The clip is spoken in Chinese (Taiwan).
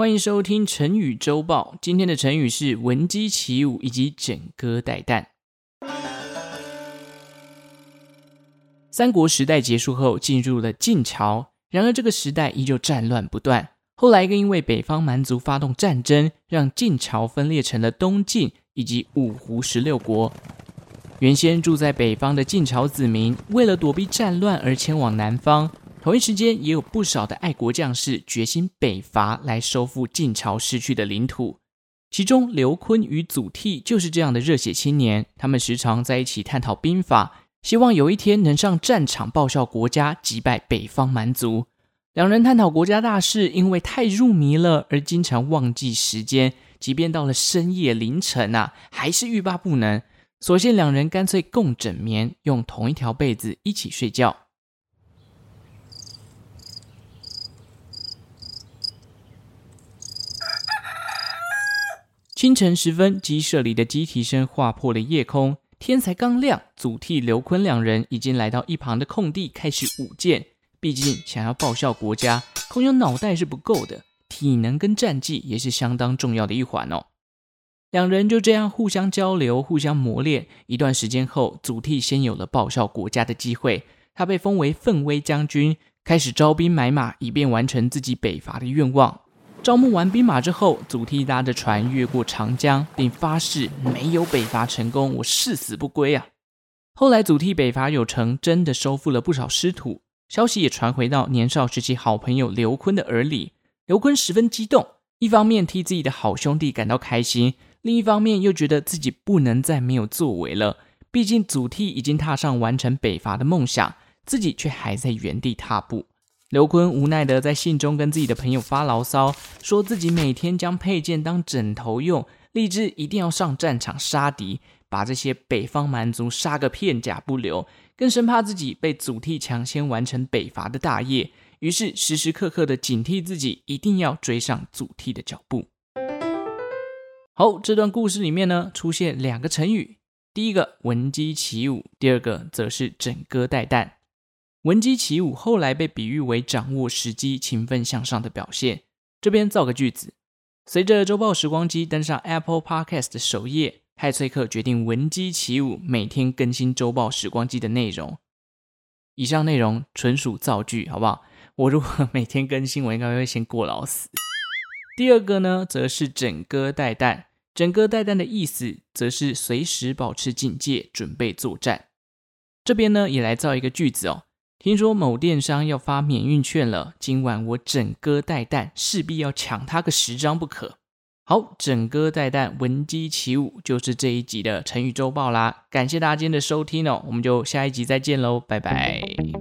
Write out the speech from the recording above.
歡迎收聽成語週報。今天的成語是“聞雞起舞”以及“枕戈待旦”。三國時代結束後，進入了晉朝。然而，這個時代依舊戰亂不斷。後來，更因為北方蠻族發動戰爭，讓晉朝分裂成了東晉以及五胡十六國。原先住在北方的晉朝子民，為了躲避戰亂而前往南方。同一時間，也有不少的愛國將士決心北伐，來收復晉朝失去的領土。其中，劉琨與祖逖就是這樣的熱血青年。他們時常在一起探討兵法，希望有一天能上戰場報效國家，擊敗北方蠻族。兩人探討國家大事，因為太入迷了，而經常忘記時間。即便到了深夜凌晨啊，還是欲罷不能。所幸兩人乾脆共枕眠，用同一條被子一起睡覺。清晨時分，雞舍裡的雞啼聲劃破了夜空。天才剛亮，祖逖、劉琨兩人已經來到一旁的空地，開始舞劍。畢竟想要報效國家，空有腦袋是不夠的，體能跟戰績也是相當重要的一環哦。兩人就這樣互相交流、互相磨練。一段時間後，祖逖先有了報效國家的機會，他被封為奮威將軍，開始招兵買馬，以便完成自己北伐的願望。招募完兵馬之後，祖逖搭着船越過長江，並發誓：沒有北伐成功，我誓死不歸啊！後來祖逖北伐有成，真的收復了不少失土，消息也傳回到年少時期好朋友劉坤的耳裡。劉坤十分激動，一方面替自己的好兄弟感到開心，另一方面又覺得自己不能再沒有作為了。畢竟祖逖已經踏上完成北伐的夢想，自己卻還在原地踏步。劉琨無奈地在信中跟自己的朋友發牢騷，說自己每天將佩劍當枕頭用，立志一定要上戰場殺敵，把這些北方蠻族殺個片甲不留，更生怕自己被祖逖搶先完成北伐的大業，於是時時刻刻地警惕自己，一定要追上祖逖的腳步。好，這段故事裡面呢，出現兩個成語，第一個“聞雞起舞”，第二個則是“枕戈待旦”。聞雞起舞後來被比喻為掌握時機、勤奮向上的表現。這邊造個句子：隨着《周報時光機》登上 Apple Podcast 的首頁，派翠克決定聞雞起舞，每天更新《周報時光機》的內容。以上內容純屬造句，好不好？我如果每天更新，我應該會先過勞死。第二個呢，則是枕戈待旦。枕戈待旦的意思，則是隨時保持警戒，準備作戰。這邊呢，也來造一個句子哦。聽說某電商要發免運券了，今晚我枕戈待旦，勢必要搶他個十張不可。好，枕戈待旦，聞雞起舞，就是這一集的成語週報啦。感謝大家今天的收聽哦，我們就下一集再見嘍，拜拜。